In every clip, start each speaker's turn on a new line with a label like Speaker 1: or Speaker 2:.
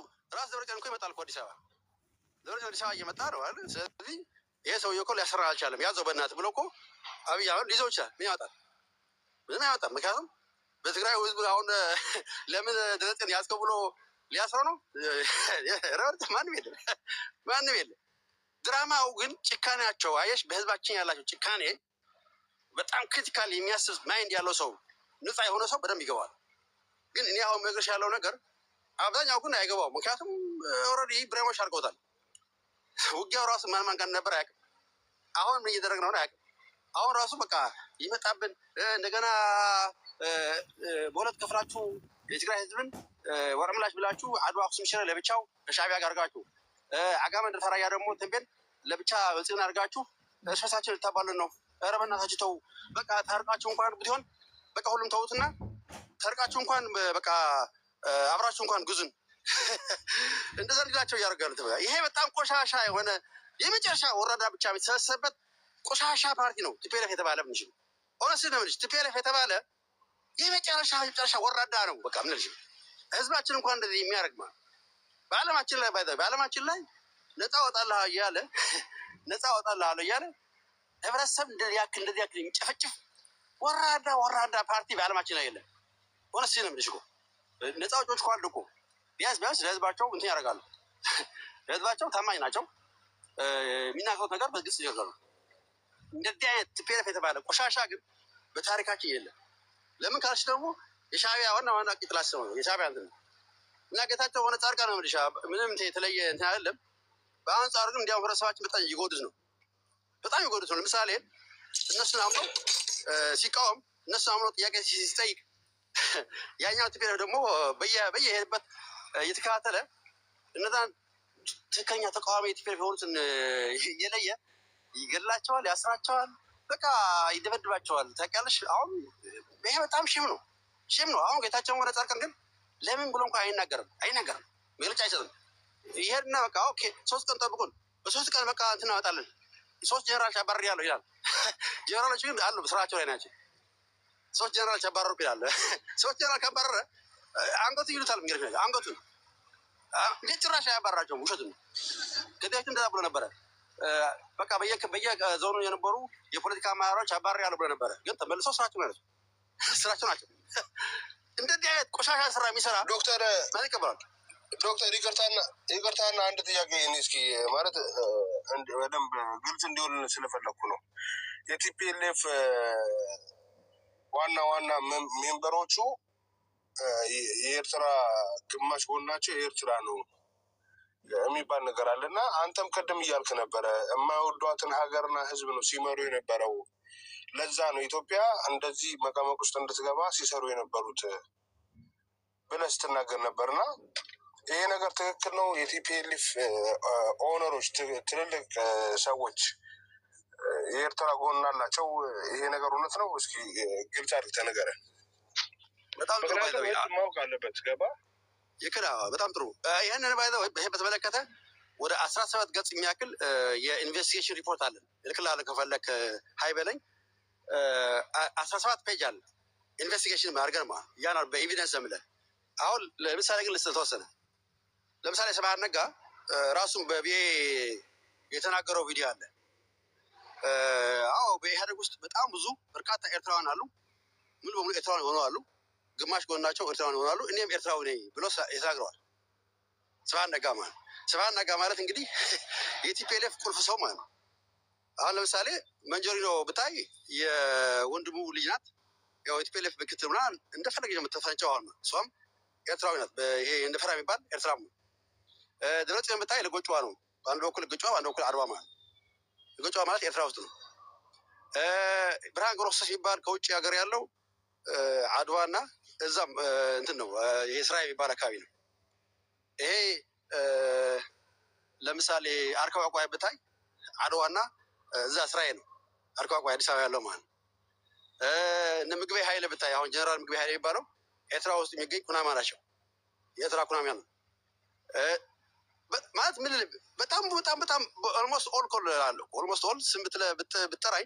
Speaker 1: እሱ ራስ ደብረጽዮን እኮ ይመጣል እኮ አዲስ አበባ ደብረጽዮን አዲስ አበባ እየመጣ ነው አይደል? ስለዚህ ይሄ ሰውዬ እኮ ሊያሰራ አልቻለም። ያዘው በእናት ብሎ እኮ አብይ አሁን ሊዘው ይችላል። ምን ያወጣል? ምን አይወጣም። ምክንያቱም በትግራይ ህዝብ አሁን ለምን ደብረጽዮን ያዝከው ብሎ ሊያስረው ነው ረበርጥ ማንም የለ ማንም የለ። ድራማው ግን ጭካኔያቸው አየሽ፣ በህዝባችን ያላቸው ጭካኔ በጣም ክሪቲካል የሚያስብ ማይንድ ያለው ሰው ንጻ የሆነ ሰው በደንብ ይገባል። ግን እኔ አሁን መግረሻ ያለው ነገር አብዛኛው ግን አይገባው። ምክንያቱም ኦልሬዲ ብሬሞች አድርገውታል። ውጊያው ራሱ ማን ማን ጋር ነበር አያውቅም። አሁን ምን እየደረግ ነው አያውቅም። አሁን ራሱ በቃ ይመጣብን እንደገና በሁለት ክፍላችሁ የትግራይ ህዝብን ወረምላሽ ብላችሁ አድዋ አክሱም ሽረ ለብቻው ከሻዕቢያ ጋር አድርጋችሁ አጋመን ደፈራያ ደግሞ ትንቤን ለብቻ ብልጽግና አርጋችሁ እርሶሳችን ልታባልን ነው። ኧረ በእናታችሁ ተው። በቃ ታርቃችሁ እንኳን ብትሆን በቃ ሁሉም ተዉትና ታርቃችሁ እንኳን በቃ አብራችሁ እንኳን ጉዙን እንደዛ እንዲላቸው እያደርጋሉ። ይሄ በጣም ቆሻሻ የሆነ የመጨረሻ ወረዳ ብቻ የተሰበሰበት ቆሻሻ ፓርቲ ነው ቲፒኤልኤፍ የተባለ ምንችል ኦነስ ነምልጅ ቲፒኤልኤፍ የተባለ የመጨረሻ የመጨረሻ ወረዳ ነው። በቃ ምንልሽ ህዝባችን እንኳን እንደዚህ የሚያደርግ ማለት በአለማችን ላይ ባይ በአለማችን ላይ ነፃ ወጣልህ እያለ ነፃ ወጣልህ አለ እያለ ህብረተሰብ እንደዚህ ያክል እንደዚህ ያክል የሚጨፈጭፍ ወራዳ ወራዳ ፓርቲ በአለማችን ላይ የለም። ኦነስ ነምልጅ እኮ ነፃ አውጪዎች እኮ አሉ እኮ ቢያንስ ቢያንስ ለህዝባቸው እንትን ያደርጋሉ። ለህዝባቸው ታማኝ ናቸው። የሚናገሩት ነገር በግልጽ ይደርጋሉ። እንደዚህ አይነት ቲፒኤልኤፍ የተባለ ቆሻሻ ግን በታሪካችን የለም። ለምን ካልሽ ደግሞ የሻቢያ ዋና ዋና ቂጥላስ ነው። የሻቢያ እንትን እና ጌታቸው ሆነ ጻድቃን ነው ምልሻ ምንም የተለየ እንትን አይደለም። በአንጻሩ ግን እንዲያውም ህብረተሰባችን በጣም ይጎድዝ ነው፣ በጣም ይጎድዝ ነው። ለምሳሌ እነሱን አምኖ ሲቃወም እነሱን አምኖ ጥያቄ ሲጠይቅ ያኛው ትቤ ደግሞ በየሄድበት እየተከታተለ እነዛን ትክክለኛ ተቃዋሚ ትቤ የሆኑትን እየለየ ይገድላቸዋል፣ ያስራቸዋል፣ በቃ ይደበድባቸዋል። ታውቂያለሽ፣ አሁን ይሄ በጣም ሽም ነው፣ ሽም ነው። አሁን ጌታቸውን ወደ ጻድቃን ግን ለምን ብሎ እንኳ አይናገርም፣ አይናገርም፣ መግለጫ አይሰጥም። ይሄድና በቃ ኦኬ፣ ሶስት ቀን ጠብቁን፣ በሶስት ቀን በቃ እንትን እናመጣለን፣ ሶስት ጀነራል አባሪ ያለው ይላል። ጀነራሎች ግን አሉ፣ ስራቸው ላይ ናቸው። ሶስት ጀነራል ሲያባረሩ ይላል። ሶስት ጀነራል ካባረረ አንገቱ ይሉታል። የሚገርም ነገር አንገቱ እንዴት ጭራሽ አያባራቸውም? ውሸት ነው። ገዳዮቹ እንደዛ ብሎ ነበረ። በቃ በየዞኑ የነበሩ የፖለቲካ አመራሮች አባሪ ያለ ብሎ ነበረ። ግን ተመልሶ ስራቸው ነው ስራቸው ናቸው። እንደዚህ አይነት ቆሻሻ ስራ የሚሰራ ዶክተር ይቀበላል። ዶክተር ይቅርታና ይቅርታና አንድ ጥያቄ እኔ እስኪ ማለት በደንብ ግልጽ እንዲሆን ስለፈለግኩ ነው የቲፒኤልኤፍ ዋና ዋና ሜምበሮቹ የኤርትራ ግማሽ ጎናቸው የኤርትራ ነው የሚባል ነገር አለ እና አንተም ቅድም እያልክ ነበረ የማይወዷትን ሀገርና ህዝብ ነው ሲመሩ የነበረው። ለዛ ነው ኢትዮጵያ እንደዚህ መቀመቅ ውስጥ እንድትገባ ሲሰሩ የነበሩት ብለህ ስትናገር ነበር ይሄ ነገር ትክክል ነው። የቲፒኤልኤፍ ኦነሮች ትልልቅ ሰዎች የኤርትራ ጎን አላቸው። ይሄ ነገር እውነት ነው? እስኪ ግልጽ አድርግ ተነገረ። ማወቅ አለበት። ገባ ይክዳ በጣም ጥሩ። ይህንን ባይዘ ይህ በተመለከተ ወደ አስራ ሰባት ገጽ የሚያክል የኢንቨስቲጌሽን ሪፖርት አለን። ልክላለ ከፈለክ ሀይ በለኝ። አስራ ሰባት ፔጅ አለ ኢንቨስቲጌሽን አድርገን ማ ያን በኤቪደንስ ዘምለ አሁን ለምሳሌ ግን ልስጥህ ለምሳሌ ስብሃት ነጋ ራሱን በቪኤ የተናገረው ቪዲዮ አለ አዎ በኢህአደግ ውስጥ በጣም ብዙ በርካታ ኤርትራውያን አሉ። ሙሉ በሙሉ ኤርትራውያን የሆኑ አሉ። ግማሽ ጎናቸው ኤርትራውያን ይሆናሉ። እኔም ኤርትራዊ ነኝ ብሎ ተናግረዋል። ስብሃት ነጋ ማለት ስብሃት ነጋ ማለት እንግዲህ የቲፒኤልኤፍ ቁልፍ ሰው ማለት ነው። አሁን ለምሳሌ መንጀሪኖ ብታይ የወንድሙ ልጅ ናት። ያው የቲፒኤልኤፍ ምክትል ምና እንደፈለገ የምትፈንጨው አሁን እሷም ኤርትራዊ ናት። ይሄ እንደፈራ የሚባል ኤርትራ ነው። ደብረጽዮን ብታይ ለጎጭዋ ነው። በአንድ በኩል ግጫዋ፣ በአንድ በኩል አድዋ ማለት የገጫዋ ማለት ኤርትራ ውስጥ ነው። ብርሃን ግሮስ የሚባል ከውጭ ሀገር ያለው አድዋና እዛም እንትን ነው የእስራኤል የሚባል አካባቢ ነው። ይሄ ለምሳሌ አርካ ቋቋይ ብታይ አድዋና እዛ እስራኤል ነው። አርካ ቋቋይ አዲስ አበባ ያለው ማለት ነው። እነ ምግቤ ኃይለ ብታይ አሁን ጀነራል ምግቤ ኃይለ የሚባለው ኤርትራ ውስጥ የሚገኝ ኩናማ ናቸው። የኤርትራ ኩናማ ነው። ማለት ምን በጣም በጣም በጣም ኦልሞስት ኦል ኮል አለ ኦልሞስት ኦል ስም ብትጠራይ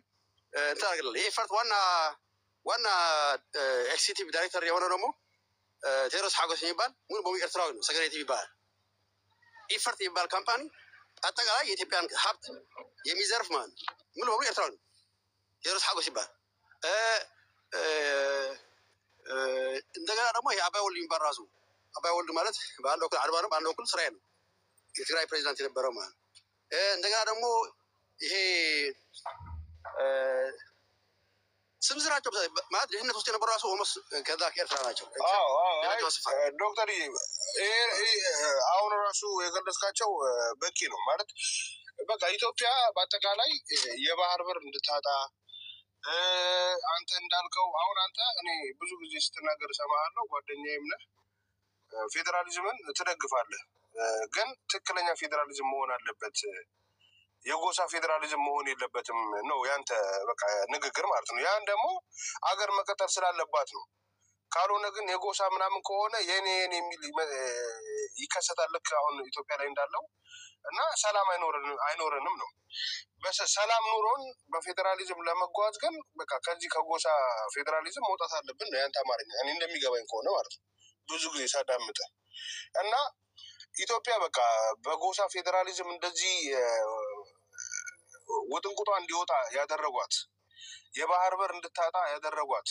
Speaker 1: እንትን አድርግልህ የኤፈርት ዋና ዋና ኤክሲቲቭ ዳይሬክተር የሆነ ደግሞ ቴዎድሮስ ሀጎስ የሚባል ሙሉ በሙሉ ኤርትራዊ ነው። ሰገሬቲቭ ይባላል። ኢፈርት የሚባል ካምፓኒ አጠቃላይ የኢትዮጵያን ሀብት የሚዘርፍ ማለት ነው። ሙሉ በሙሉ ኤርትራዊ ነው። ቴዎድሮስ ሀጎስ ይባላል። እንደገና ደግሞ ይሄ አባይ ወልድ የሚባል ራሱ አባይ ወልድ ማለት በአንድ በኩል አድባ ነው፣ በአንድ በኩል ስራዬ ነው የትግራይ ፕሬዚዳንት የነበረው ማለት ነው። እንደገና ደግሞ ይሄ ስም ስራቸው ማለት ድህነት ውስጥ የነበሩ ራሱ ኦልሞስት ከዛ ከኤርትራ ናቸው። ዶክተር አሁን ራሱ የገለጽካቸው በቂ ነው ማለት በቃ ኢትዮጵያ በአጠቃላይ የባህር በር እንድታጣ አንተ እንዳልከው አሁን አንተ እኔ ብዙ ጊዜ ስትናገር ሰማሃለው ጓደኛዬም ነህ፣ ፌዴራሊዝምን ትደግፋለህ ግን ትክክለኛ ፌዴራሊዝም መሆን አለበት። የጎሳ ፌዴራሊዝም መሆን የለበትም ነው ያንተ በቃ ንግግር ማለት ነው። ያን ደግሞ አገር መቀጠል ስላለባት ነው። ካልሆነ ግን የጎሳ ምናምን ከሆነ የኔ የኔ የሚል ይከሰታል። ልክ አሁን ኢትዮጵያ ላይ እንዳለው እና ሰላም አይኖረንም ነው። ሰላም ኑሮን በፌዴራሊዝም ለመጓዝ ግን በቃ ከዚህ ከጎሳ ፌዴራሊዝም መውጣት አለብን ነው ያንተ አማርኛ። እኔ እንደሚገባኝ ከሆነ ማለት ነው ብዙ ጊዜ ሳዳምጠ እና ኢትዮጵያ በቃ በጎሳ ፌዴራሊዝም እንደዚህ ውጥንቁጧ እንዲወጣ ያደረጓት የባህር በር እንድታጣ ያደረጓት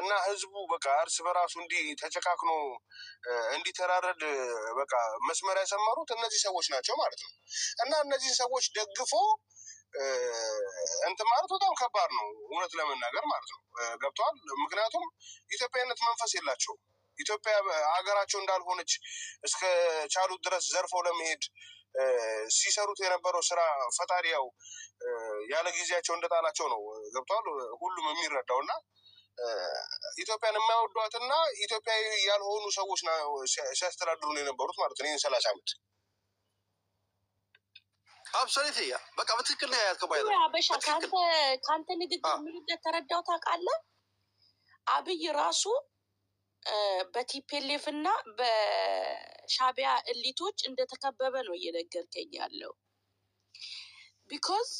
Speaker 1: እና ህዝቡ በቃ እርስ በራሱ እንዲህ ተጨካክኖ እንዲተራረድ በቃ መስመር ያሰመሩት እነዚህ ሰዎች ናቸው ማለት ነው። እና እነዚህ ሰዎች ደግፎ እንትን ማለት በጣም ከባድ ነው፣ እውነት ለመናገር ማለት ነው። ገብተዋል። ምክንያቱም ኢትዮጵያዊነት መንፈስ የላቸውም። ኢትዮጵያ ሀገራቸው እንዳልሆነች እስከ ቻሉት ድረስ ዘርፈው ለመሄድ ሲሰሩት የነበረው ስራ ፈጣሪ ያው ያለ ጊዜያቸው እንደጣላቸው ነው። ገብቷል ሁሉም የሚረዳው እና ኢትዮጵያን የማይወዷትና ኢትዮጵያዊ ያልሆኑ ሰዎች ሲያስተዳድሩ ነው የነበሩት ማለት ነው። ይህን ሰላሳ ዓመት አብሶሊት ያ በቃ በትክክል ነው ያልከው። ባይበሻ ከአንተ ንግግር ምንነት ተረዳው ታውቃለህ። አብይ ራሱ በቲፔሌፍ እና በሻቢያ እሊቶች እንደተከበበ ነው እየነገርከኝ ያለው። ቢኮዝ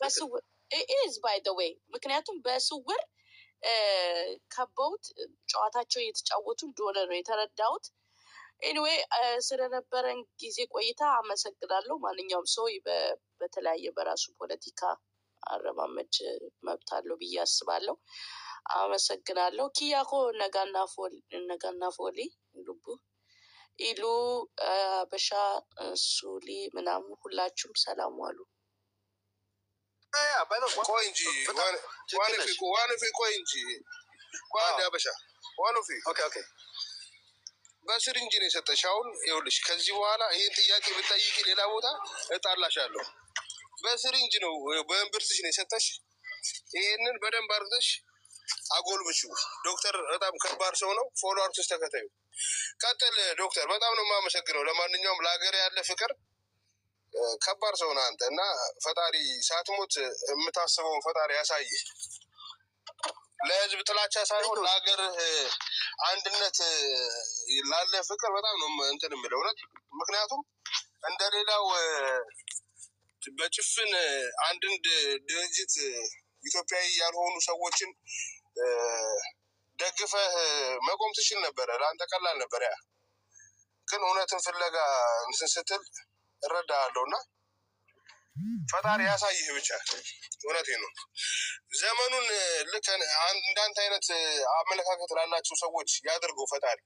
Speaker 1: በስውር ኢዝ ባይ ዘ ዌይ ምክንያቱም በስውር ከበውት ጨዋታቸው እየተጫወቱ እንደሆነ ነው የተረዳሁት። ኤኒዌይ ስለነበረን ጊዜ ቆይታ አመሰግናለሁ። ማንኛውም ሰው በተለያየ በራሱ ፖለቲካ አረማመድ መብት አለው ብዬ አስባለሁ። አመሰግናለሁ። ኪያኮ ነጋና ፎሊ ልቡ ኢሉ በሻ ሱሊ ምናምን ሁላችሁም ሰላም ዋሉ። በስር እንጂ ነው የሰጠሽ። አሁን ይኸውልሽ ከዚህ በኋላ ይህን ጥያቄ ብጠይቂ ሌላ ቦታ እጣላሻለሁ። በስር እንጂ ነው በእምብርትሽ ነው የሰጠሽ። ይህንን በደንብ አርግተሽ አጎልብሹ። ዶክተር በጣም ከባድ ሰው ነው። ፎሎ አርቲስት ተከታዩ ቀጥል። ዶክተር በጣም ነው የማመሰግነው። ለማንኛውም ለሀገር ያለ ፍቅር ከባድ ሰው ነው አንተ እና ፈጣሪ ሳትሞት የምታስበውን ፈጣሪ ያሳይ ለህዝብ ጥላቻ ሳይሆን ለሀገር አንድነት ላለ ፍቅር በጣም ነው እንትን የምለው እውነት። ምክንያቱም እንደሌላው በጭፍን አንድንድ ድርጅት ኢትዮጵያዊ ያልሆኑ ሰዎችን ደግፈህ መቆም ትችል ነበረ። ለአንተ ቀላል ነበር። ያ ግን እውነትን ፍለጋ እንትን ስትል እረዳሃለሁ እና ፈጣሪ ያሳይህ ብቻ። እውነቴ ነው። ዘመኑን ልክ እንዳንተ አይነት አመለካከት ላላቸው ሰዎች ያደርገው ፈጣሪ።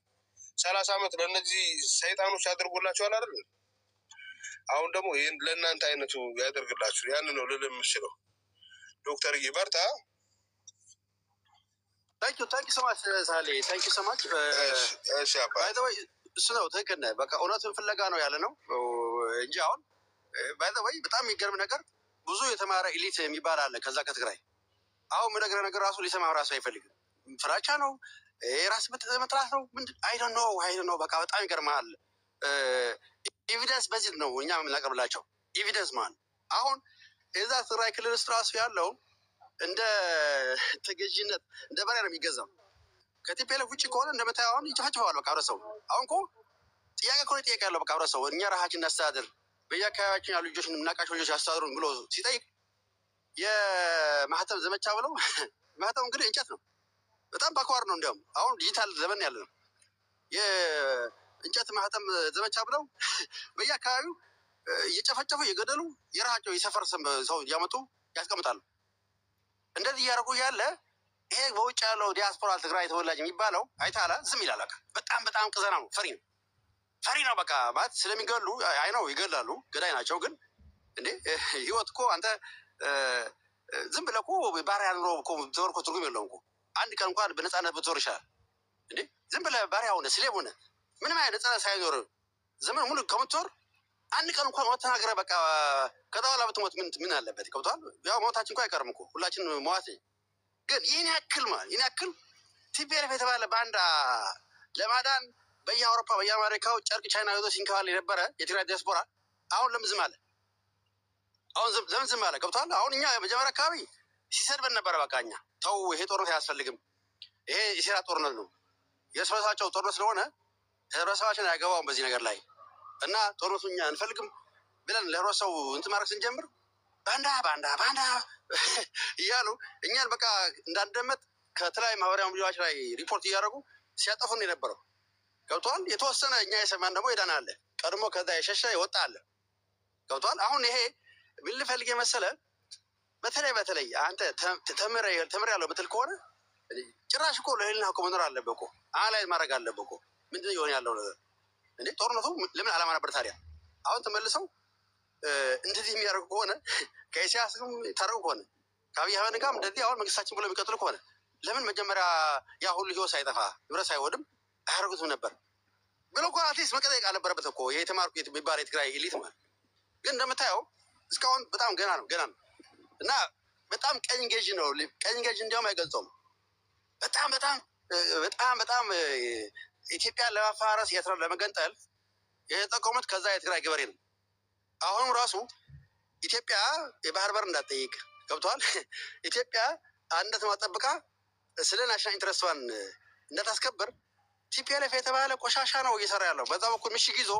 Speaker 1: ሰላሳ ዓመት ለእነዚህ ሰይጣኖች ያድርጎላቸዋል አይደል? አሁን ደግሞ ይህን ለእናንተ አይነቱ ያደርግላችሁ። ያን ነው ልል የምችለው። ዶክተር በርታ። እሱ ነው ትክክል። በቃ እውነቱን ፍለጋ ነው ያለ ነው እንጂ አሁን ባይዘወይ በጣም የሚገርም ነገር ብዙ የተማረ ኢሊት የሚባል አለ ከዛ ከትግራይ አሁን ምነግረ ነገር ራሱ ሊሰማ ራሱ አይፈልግም። ፍራቻ ነው ራስ መጥራት ነው ምንድን አይ ነው አይ ነው በቃ በጣም ይገርመሃል። ኤቪደንስ በዚህ ነው እኛ የምናቀርብላቸው ኤቪደንስ ማለት አሁን እዛ ትግራይ ክልል ውስጥ ራሱ ያለው እንደ ተገዥነት እንደ በሬ ነው የሚገዛው። ከቲፒኤልኤፍ ውጭ ከሆነ እንደምታየው አሁን ይጨፈጭፈዋል። በቃ ህብረተሰቡ አሁን እኮ ጥያቄ ከሆነ ጥያቄ ያለው በቃ ህብረተሰቡ እኛ ራሳችን እናስተዳድር፣ በየአካባቢያችን ያሉ ልጆች እናቃቸው ልጆች ያስተዳድሩን ብሎ ሲጠይቅ የማህተም ዘመቻ ብለው ማህተም እንግዲህ እንጨት ነው። በጣም ባክዋር ነው። እንዲያውም አሁን ዲጂታል ዘመን ያለ ነው። የእንጨት ማህተም ዘመቻ ብለው በየአካባቢው እየጨፈጨፉ እየገደሉ የራሳቸው የሰፈር ሰው እያመጡ ያስቀምጣሉ። እንደዚህ እያደረጉ ያለ ይሄ በውጭ ያለው ዲያስፖራ ትግራይ ተወላጅ የሚባለው አይታለ ዝም ይላል። በቃ በጣም በጣም ቅዘና ነው። ፈሪ ነው፣ ፈሪ ነው። በቃ ማለት ስለሚገሉ አይ ነው ይገላሉ፣ ገዳይ ናቸው። ግን እንዴ ህይወት እኮ አንተ ዝም ብለህ እኮ ባሪያ ኑሮ እኮ ትኖር እኮ ትርጉም የለውም እኮ አንድ ቀን እንኳን በነፃነት ብትኖር ይሻላል። እንዴ ዝም ብለህ ባሪያ ሆነ ስሌብ ሆነ ምንም አይነት ነፃነት ሳይኖር ዘመን ሙሉ ከምትኖር አንድ ቀን እንኳን ሞት ተናገረ በቃ ከተኋላ ብትሞት ምን ምን አለበት? ከብቷል ያው ሞታችን እኮ አይቀርም እኮ ሁላችን ሞት። ግን ይህን ያክል ማለት ይህን ያክል ቲፒኤልኤፍ የተባለ ባንዳ ለማዳን በየአውሮፓ በየአሜሪካው ጨርቅ ቻይና ይዞ ሲንከባል የነበረ የትግራይ ዲያስፖራ አሁን ለምን ዝም አለ? አሁን ለምን ዝም አለ? ገብቶሃል? አሁን እኛ መጀመሪያ አካባቢ ሲሰድበን ነበረ። በቃ እኛ ተው፣ ይሄ ጦርነት አያስፈልግም፣ ይሄ የሴራ ጦርነት ነው፣ የእርስ ጦርነት ስለሆነ ህብረተሰባችን አያገባውም በዚህ ነገር ላይ እና እኛ አንፈልግም ብለን ለሮ ሰው እንትን ማድረግ ስንጀምር ባንዳ ባንዳ ባንዳ እያሉ እኛን በቃ እንዳንደመጥ ከተለያዩ ማህበራዊ ሚዲያዎች ላይ ሪፖርት እያደረጉ ሲያጠፉን የነበረው ገብቷል። የተወሰነ እኛ የሰማን ደግሞ ይዳን አለ፣ ቀድሞ ከዛ የሸሸ የወጣ አለ። ገብቷል። አሁን ይሄ ምን ልፈልግ የመሰለ በተለይ በተለይ አንተ ተምር ያለው ምትል ከሆነ ጭራሽ እኮ ለህልና እኮ መኖር አለበት እኮ አናላይዝ ማድረግ አለበት እኮ ምንድን የሆነ ያለው ነገር እንዴ ጦርነቱ ለምን ዓላማ ነበር ታዲያ? አሁን ተመልሰው እንደዚህ የሚያደርጉ ከሆነ ከኢሳያስም ታደርጉ ከሆነ ከአብይ አህመድ ጋር እንደዚህ አሁን መንግስታችን ብሎ የሚቀጥሉ ከሆነ ለምን መጀመሪያ ያ ሁሉ ህይወት ሳይጠፋ ንብረት ሳይወድም አያደርጉትም ነበር ብሎ እኮ አትሊስት መቀጠቅ አልነበረበት እኮ የተማርኩ የሚባል የትግራይ ኤሊት ማለት ግን እንደምታየው እስካሁን በጣም ገና ነው ገና ነው እና በጣም ቀኝ ገዥ ነው። ቀኝ ገዥ እንዲያውም አይገልጸውም። በጣም በጣም በጣም በጣም ኢትዮጵያን ለማፋረስ ኤርትራን ለመገንጠል የተጠቀሙት ከዛ የትግራይ ገበሬ ነው። አሁንም ራሱ ኢትዮጵያ የባህር በር እንዳትጠይቅ ገብተዋል። ኢትዮጵያ አንድነት ማጠብቃ ስለ ናሽናል ኢንትረስቷን እንዳታስከብር ቲፒኤልኤፍ የተባለ ቆሻሻ ነው እየሰራ ያለው። በዛ በኩል ምሽግ ይዞ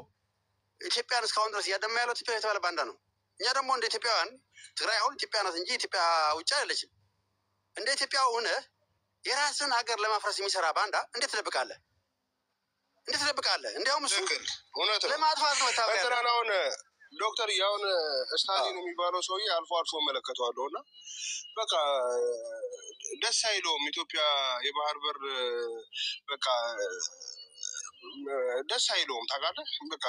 Speaker 1: ኢትዮጵያን እስካሁን ድረስ እያደማ ያለው ቲፒኤልኤፍ የተባለ ባንዳ ነው። እኛ ደግሞ እንደ ኢትዮጵያውያን ትግራይ አሁን ኢትዮጵያ ናት እንጂ ኢትዮጵያ ውጭ አይደለችም። እንደ ኢትዮጵያ ሆነ የራስን ሀገር ለማፍረስ የሚሰራ ባንዳ እንዴት ትደብቃለህ? እንዴት እንዲያውም እሱ ለማጥፋት ነው። ታበያለሁን ዶክተር ያሁን ስታሊን የሚባለው ሰውዬ አልፎ አልፎ እመለከተዋለሁ እና በቃ ደስ አይለውም። ኢትዮጵያ የባህር በር በቃ ደስ አይለውም። ታውቃለህ በቃ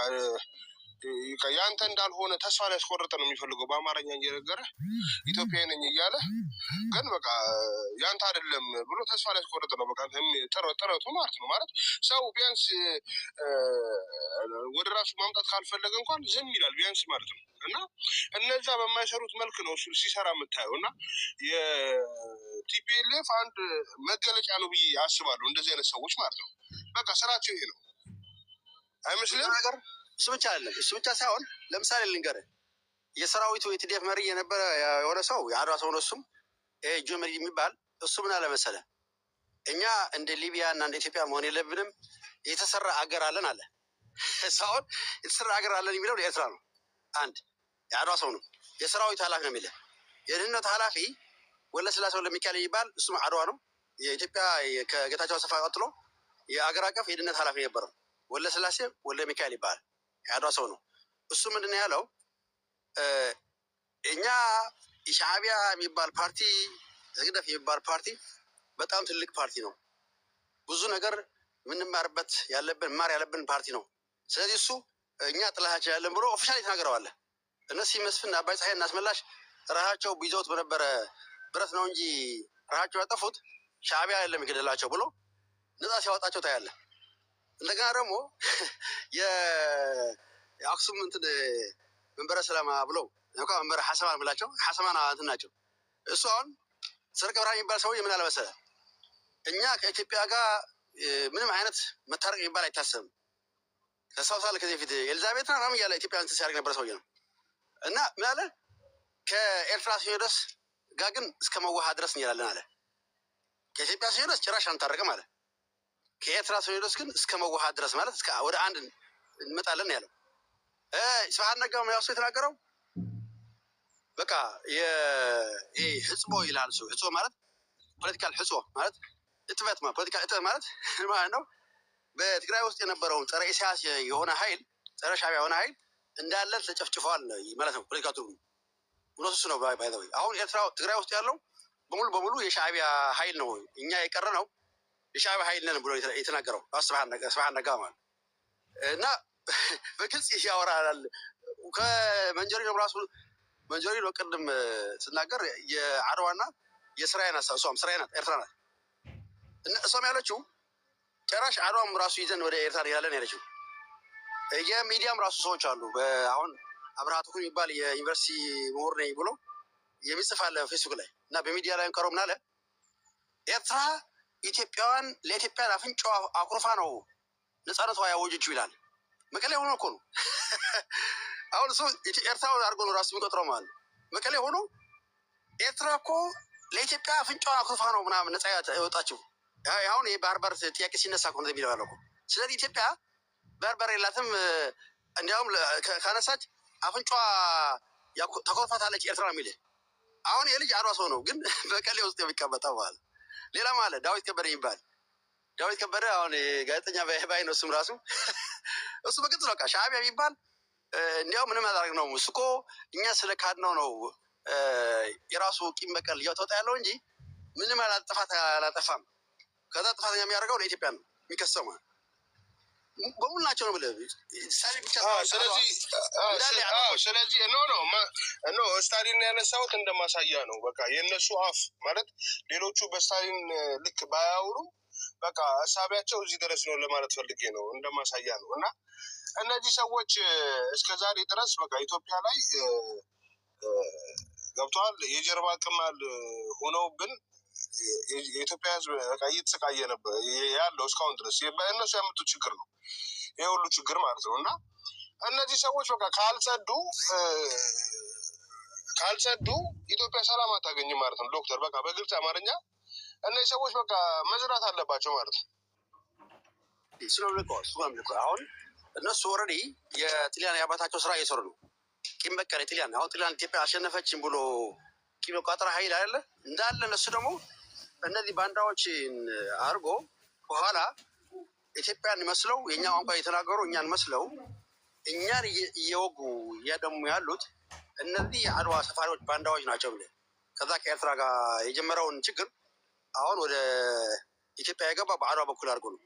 Speaker 1: ያንተ እንዳልሆነ ተስፋ ሊያስቆርጥ ነው የሚፈልገው። በአማርኛ እየነገረ ኢትዮጵያ ነኝ እያለ ግን በቃ ያንተ አይደለም ብሎ ተስፋ ሊያስቆርጥ ነው በቃ ጥረቱ ማለት ነው። ማለት ሰው ቢያንስ ወደ ራሱ ማምጣት ካልፈለገ እንኳን ዝም ይላል ቢያንስ ማለት ነው። እና እነዛ በማይሰሩት መልክ ነው እሱ ሲሰራ የምታየው። እና የቲፒኤልኤፍ አንድ መገለጫ ነው ብዬ አስባለሁ እንደዚህ አይነት ሰዎች ማለት ነው። በቃ ስራቸው ይሄ ነው አይመስልም? እሱ ብቻ አይደለም። እሱ ብቻ ሳይሆን ለምሳሌ ልንገር፣ የሰራዊቱ የትዴፍ መሪ የነበረ የሆነ ሰው የአድዋ ሰው ነው። እሱም ጆ መሪ የሚባል እሱ ምን አለመሰለ እኛ እንደ ሊቢያ እና እንደ ኢትዮጵያ መሆን የለብንም የተሰራ አገር አለን አለ። ሳሁን የተሰራ አገር አለን የሚለው ለኤርትራ ነው። አንድ የአድዋ ሰው ነው። የሰራዊቱ ኃላፊ ነው የሚለ የደህንነት ኃላፊ ወለስላሴ ወለሚካኤል የሚባል እሱም አድዋ ነው። የኢትዮጵያ ከጌታቸው አሰፋ ቀጥሎ የአገር አቀፍ የደህንነት ኃላፊ የነበረው ወለ ስላሴ ወለ ሚካኤል ይባላል። የአድዋ ሰው ነው። እሱ ምንድን ነው ያለው? እኛ ሻዕቢያ የሚባል ፓርቲ ዝግደፍ የሚባል ፓርቲ በጣም ትልቅ ፓርቲ ነው። ብዙ ነገር የምንማርበት ያለብን ማር ያለብን ፓርቲ ነው። ስለዚህ እሱ እኛ ጥላቻችን ያለን ብሎ ኦፊሻል የተናገረዋለ። እነዚህ መስፍን አባይ ፀሐይ እናስመላሽ ራሳቸው ቢዘውት በነበረ ብረት ነው እንጂ ራሳቸው ያጠፉት ሻዕቢያ አይደለም የገደላቸው ብሎ ነፃ ሲያወጣቸው ታያለ። እንደገና ደግሞ የአክሱም እንትን መንበረ ሰላማ ብለው እንኳ መንበረ ሀሰማ ምላቸው ሀሰማና እንትን ናቸው። እሱ አሁን ሰርቀ ብርሃን የሚባል ሰው የምን አለመሰለ እኛ ከኢትዮጵያ ጋር ምንም አይነት መታረቅ የሚባል አይታሰብም። ተሳውሳለ ከዚህ በፊት ኤልዛቤትና ናም እያለ ኢትዮጵያ እንትን ሲያደርግ ነበረ ሰውዬ ነው እና ምን አለ ከኤርትራ ሲሄደስ ጋር ግን እስከ መዋሃ ድረስ እንሄዳለን አለ። ከኢትዮጵያ ሲሄደስ ጭራሽ አንታረቅም አለ። ከኤርትራ ሶሪዶስ ግን እስከ መዋሃድ ድረስ ማለት እስከ ወደ አንድ እንመጣለን ያለው ስብሐት ነጋ ያው ሰው የተናገረው በቃ ይሄ ህጽቦ ይላል ሰው ህጽቦ ማለት ፖለቲካል ህጽቦ ማለት እጥበት ፖለቲካ እጥበት ማለት ማለት ነው። በትግራይ ውስጥ የነበረውን ጸረ ኢሳያስ የሆነ ሀይል ጸረ ሻዕቢያ የሆነ ሀይል እንዳለ ተጨፍጭፈዋል ማለት ነው። ፖለቲካ ትርጉም እውነቱ እሱ ነው። ባይዘ አሁን ኤርትራ ትግራይ ውስጥ ያለው በሙሉ በሙሉ የሻቢያ ሀይል ነው። እኛ የቀረ ነው የሻዕቢያ ኃይል ነን ብሎ የተናገረው ስብሃት ነጋ ማለት እና በግልጽ ያወራል። ነው ራሱ ነው። ቅድም ስናገር የአድዋና የስራዬ ናት፣ እሷም ስራዬ ናት፣ ኤርትራ ናት። እሷም ያለችው ጭራሽ አድዋም ራሱ ይዘን ወደ ኤርትራ ያለን ያለችው። የሚዲያም ራሱ ሰዎች አሉ። አሁን አብርሃ ትኩን የሚባል የዩኒቨርሲቲ ምሁር ነኝ ብሎ የሚጽፍ አለ ፌስቡክ ላይ እና በሚዲያ ላይ ቀሮ ምናለ ኤርትራ ኢትዮጵያውያን ለኢትዮጵያን አፍንጫ አኩርፋ ነው ነጻነቷ ያወጀችው ይላል። መቀሌ ሆኖ እኮ ነው አሁን እሱ ኤርትራ አድርጎ ነው ራሱ የሚቆጥረው ማለት መቀሌ ሆኖ ኤርትራ እኮ ለኢትዮጵያ አፍንጫዋን አኩርፋ ነው ምናምን ነጻ ያወጣችው። አሁን የባህር በር ጥያቄ ሲነሳ ከሆነ የሚለው ያለው ስለዚህ ኢትዮጵያ ባህር በር የላትም። እንዲያውም ካነሳች አፍንጫ ተኮርፋታለች ኤርትራ የሚል አሁን የልጅ አሯ ሰው ነው ግን መቀሌ ውስጥ የሚቀመጠው ማለት ሌላ ማለ ዳዊት ከበደ ይባል ዳዊት ከበደ አሁን ጋዜጠኛ ባይ ነው። ስም ራሱ እሱ በግልጽ በቃ ሻዕቢያ የሚባል እንዲያው ምንም ያደረግ ነው። እሱ እኮ እኛ ስለ ካድነው ነው የራሱ ቂም በቀል እያተወጣ ያለው እንጂ ምንም ያላጠፋት አላጠፋም። ከዛ ጥፋተኛ የሚያደርገው ለኢትዮጵያ ነው የሚከሰው በሁላቸው ነው ብለህ ስለዚህ ኖ ኖ ኖ ስታሊን ያነሳሁት እንደማሳያ ነው። በቃ የእነሱ አፍ ማለት ሌሎቹ በስታሊን ልክ ባያውሩ በቃ እሳቢያቸው እዚህ ድረስ ነው ለማለት ፈልጌ ነው፣ እንደማሳያ ነው። እና እነዚህ ሰዎች እስከ ዛሬ ድረስ በቃ ኢትዮጵያ ላይ ገብተዋል፣ የጀርባ ቅማል ሆነውብን የኢትዮጵያ ህዝብ ሕዝብ እየተሰቃየ ነበር ያለው እስካሁን ድረስ እነሱ ያመጡት ችግር ነው ይሄ ሁሉ ችግር ማለት ነው። እና እነዚህ ሰዎች በቃ ካልጸዱ ካልጸዱ ኢትዮጵያ ሰላም አታገኝም ማለት ነው። ዶክተር በቃ በግልጽ አማርኛ እነዚህ ሰዎች በቃ መዝራት አለባቸው ማለት ነው። አሁን እነሱ ኦልሬዲ የጥሊያን የአባታቸው ስራ እየሰሩ ነው። ቂም በቀል የጥሊያን አሁን ጥሊያን ኢትዮጵያ አሸነፈችን ብሎ ቂም ቋጥራ ሀይል አለ እንዳለ እነሱ ደግሞ እነዚህ ባንዳዎች አድርጎ በኋላ ኢትዮጵያን መስለው የእኛ ቋንቋ የተናገሩ እኛን መስለው እኛን እየወጉ እያደሙ ያሉት እነዚህ የአድዋ ሰፋሪዎች ባንዳዎች ናቸው ብለን ከዛ ከኤርትራ ጋር የጀመረውን ችግር አሁን ወደ ኢትዮጵያ የገባ በአድዋ በኩል አድርጎ ነው።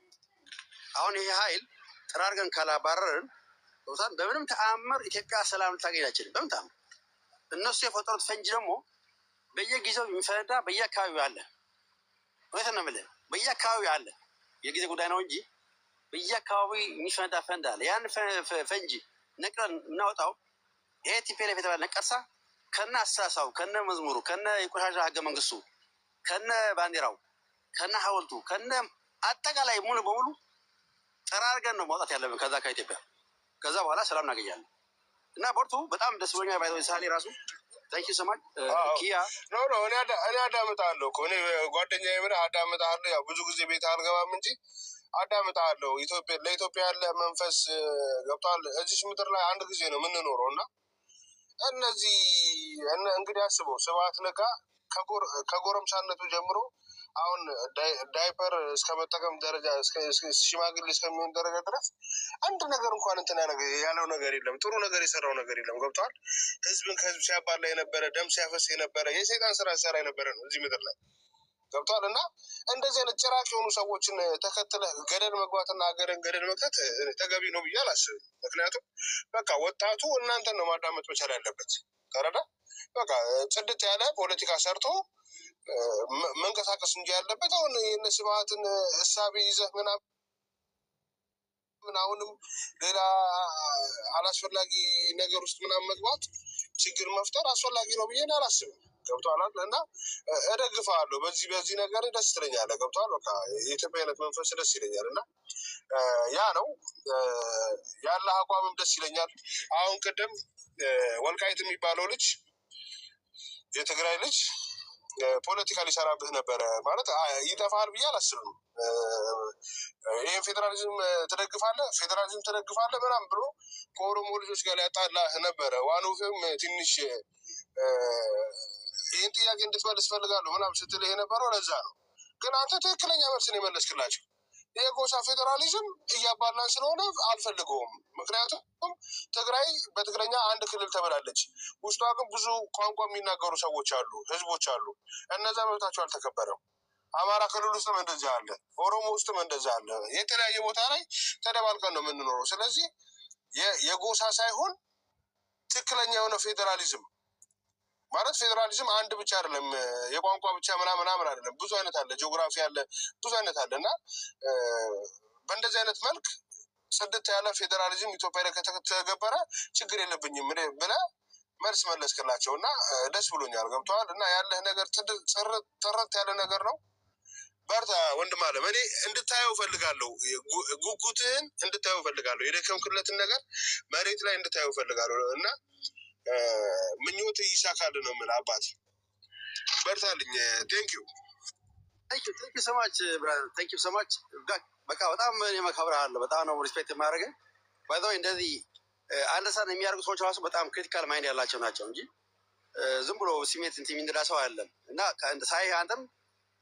Speaker 1: አሁን ይሄ ኃይል ጥራርገን ካላባረርን ቦታን በምንም ተአምር ኢትዮጵያ ሰላም ልታገኝ አይችልም። በምን ተአምር እነሱ የፈጠሩት ፈንጅ ደግሞ በየጊዜው የሚፈነዳ በየአካባቢው አለ። እውነት ነው የምልህ በየአካባቢ አለ። የጊዜ ጉዳይ ነው እንጂ በየአካባቢው የሚፈነዳ ፈንድ አለ። ያን ፈንጂ ነቅለን የምናወጣው ይሄ ቲፔሌፍ የተባለ ነቀርሳ ከነ አስተሳሰቡ ከነ መዝሙሩ ከነ የቆሻሻ ህገ መንግስቱ ከነ ባንዲራው ከነ ሀውልቱ ከነ አጠቃላይ ሙሉ በሙሉ ጠራርገን ነው ማውጣት ያለብን ከዛ ከኢትዮጵያ። ከዛ በኋላ ሰላም እናገኛለን እና በርቱ። በጣም ደስ ብሎኛል። ባይዘ ሳሌ ራሱ ታይክ ይሰማል። ኪያ ኖ ኖ እኔ አዳምጣለሁ እኮ እኔ ጓደኛ የምልህ አዳምጣለሁ። ያው ብዙ ጊዜ ቤት አልገባም እንጂ አዳምጣለሁ። ኢትዮጵያ ለኢትዮጵያ ያለ መንፈስ ገብቷል። እዚች ምድር ላይ አንድ ጊዜ ነው የምንኖረው እና እነዚህ እንግዲህ አስበው ስብሐት ነጋ ከጎረምሳነቱ ጀምሮ አሁን ዳይፐር እስከ መጠቀም ደረጃ ሽማግሌ እስከሚሆን ደረጃ ድረስ አንድ ነገር እንኳን እንትን ያለው ነገር የለም። ጥሩ ነገር የሰራው ነገር የለም። ገብተዋል። ህዝብን ከህዝብ ሲያባላ የነበረ ደም ሲያፈስ የነበረ የሴጣን ስራ ሲሰራ የነበረ ነው እዚህ ምድር ላይ ገብተዋል። እና እንደዚህ አይነት ጭራቅ የሆኑ ሰዎችን ተከትለ ገደል መግባትና ሀገርን ገደል መክተት ተገቢ ነው ብዬ አላስብም። ምክንያቱም በቃ ወጣቱ እናንተን ነው ማዳመጥ መቻል ያለበት። ተረዳ በቃ ጽድት ያለ ፖለቲካ ሰርቶ መንቀሳቀስ እንጂ ያለበት አሁን ይህን ስብሀትን እሳቤ ይዘህ ምናምን አሁንም ሌላ አላስፈላጊ ነገር ውስጥ ምናምን መግባት ችግር መፍጠር አስፈላጊ ነው ብዬ አላስብም። ገብቷላል እና እደግፍሃለሁ። በዚህ በዚህ ነገር ደስ ትለኛለህ። ገብቶሃል የኢትዮጵያ አይነት መንፈስ ደስ ይለኛል እና ያ ነው ያለ አቋምም ደስ ይለኛል። አሁን ቅድም ወልቃይት የሚባለው ልጅ የትግራይ ልጅ ፖለቲካ ሊሰራብህ ነበረ ማለት ይጠፋል ብዬ አላስብም። ይህን ፌዴራሊዝም ትደግፋለ ፌዴራሊዝም ትደግፋለ ምናምን ብሎ ከኦሮሞ ልጆች ጋር ሊያጣላህ ነበረ። ዋኖፍም ትንሽ ይህን ጥያቄ እንድትመልስ ፈልጋለሁ ምናም ስትልህ የነበረው ለዛ ነው። ግን አንተ ትክክለኛ መልስን የመለስክላቸው። የጎሳ ፌዴራሊዝም እያባላን ስለሆነ አልፈልገውም። ምክንያቱም ትግራይ በትግረኛ አንድ ክልል ተበላለች። ውስጧ ግን ብዙ ቋንቋ የሚናገሩ ሰዎች አሉ፣ ህዝቦች አሉ። እነዛ መብታቸው አልተከበረም። አማራ ክልል ውስጥም እንደዛ አለ፣ ኦሮሞ ውስጥም እንደዛ አለ። የተለያየ ቦታ ላይ ተደባልቀን ነው የምንኖረው። ስለዚህ የጎሳ ሳይሆን ትክክለኛ የሆነ ፌዴራሊዝም ማለት ፌዴራሊዝም አንድ ብቻ አይደለም፣ የቋንቋ ብቻ ምናምን አይደለም። ብዙ አይነት አለ፣ ጂኦግራፊ አለ፣ ብዙ አይነት አለ እና በእንደዚህ አይነት መልክ ጽድት ያለ ፌዴራሊዝም ኢትዮጵያ ላይ ከተገበረ ችግር የለብኝም ብለ መልስ መለስክላቸው እና ደስ ብሎኛል። ገብተዋል እና ያለህ ነገር ጥርት ያለ ነገር ነው። በርታ ወንድም አለም እኔ እንድታየው ፈልጋለሁ። ጉጉትህን እንድታየው ፈልጋለሁ የደከምክለትን ነገር መሬት ላይ እንድታየው ፈልጋለሁ እና ምኞት ይሳካል ነው የምልህ። አባት በርታልኝ። ቴንኪዩ ሰማች ቴንኪዩ ሰማች። በቃ በጣም እኔ የማከብርሃለሁ። በጣም ነው ሪስፔክት የማደርገህ። ባይዘወይ እንደዚህ አንደሳን የሚያደርጉ ሰዎች ራሱ በጣም ክሪቲካል ማይንድ ያላቸው ናቸው እንጂ ዝም ብሎ ስሜት እንትን የሚንድዳ ሰው አይደለም። እና ሳይ አንተም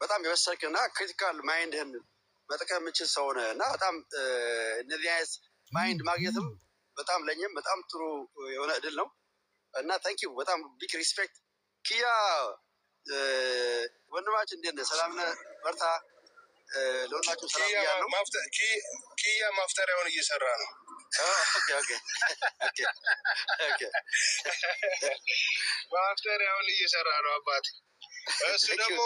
Speaker 1: በጣም የመሰልክ እና ክሪቲካል ማይንድህን መጠቀም የምችል ሰው ነህ እና በጣም እነዚህ አይነት ማይንድ ማግኘትም በጣም ለእኛም በጣም ጥሩ የሆነ እድል ነው። እና ታንኪ በጣም ቢግ ሪስፔክት። ኪያ ወንድማችን እንዴት ነህ? ሰላም ነህ? በርታ። ለወንድማችን ሰላም ያለው ኪያ ማፍጠሪያውን እየሰራ ነው። ማፍጠሪያውን እየሰራ ነው አባት እሱ ደግሞ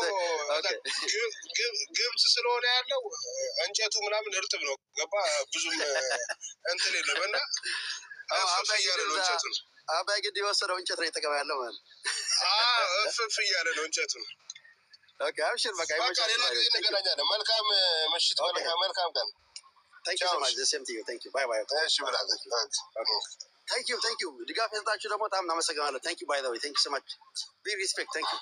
Speaker 1: ግብፅ ስለሆነ ያለው እንጨቱ ምናምን እርጥብ ነው። ገባ ብዙም እንትን የለም እና እሱ ነው እንጨቱን አባይ ግድ የወሰደው እንጨት ነው የተገባ ያለው ማለት እፍፍ እያለ ነው እንጨቱ። አብሽር በቃ እንገናኛለን። መልካም ምሽት፣ መልካም ቀን። ድጋፍ የሰጣችሁ ደግሞ በጣም እናመሰግናለን።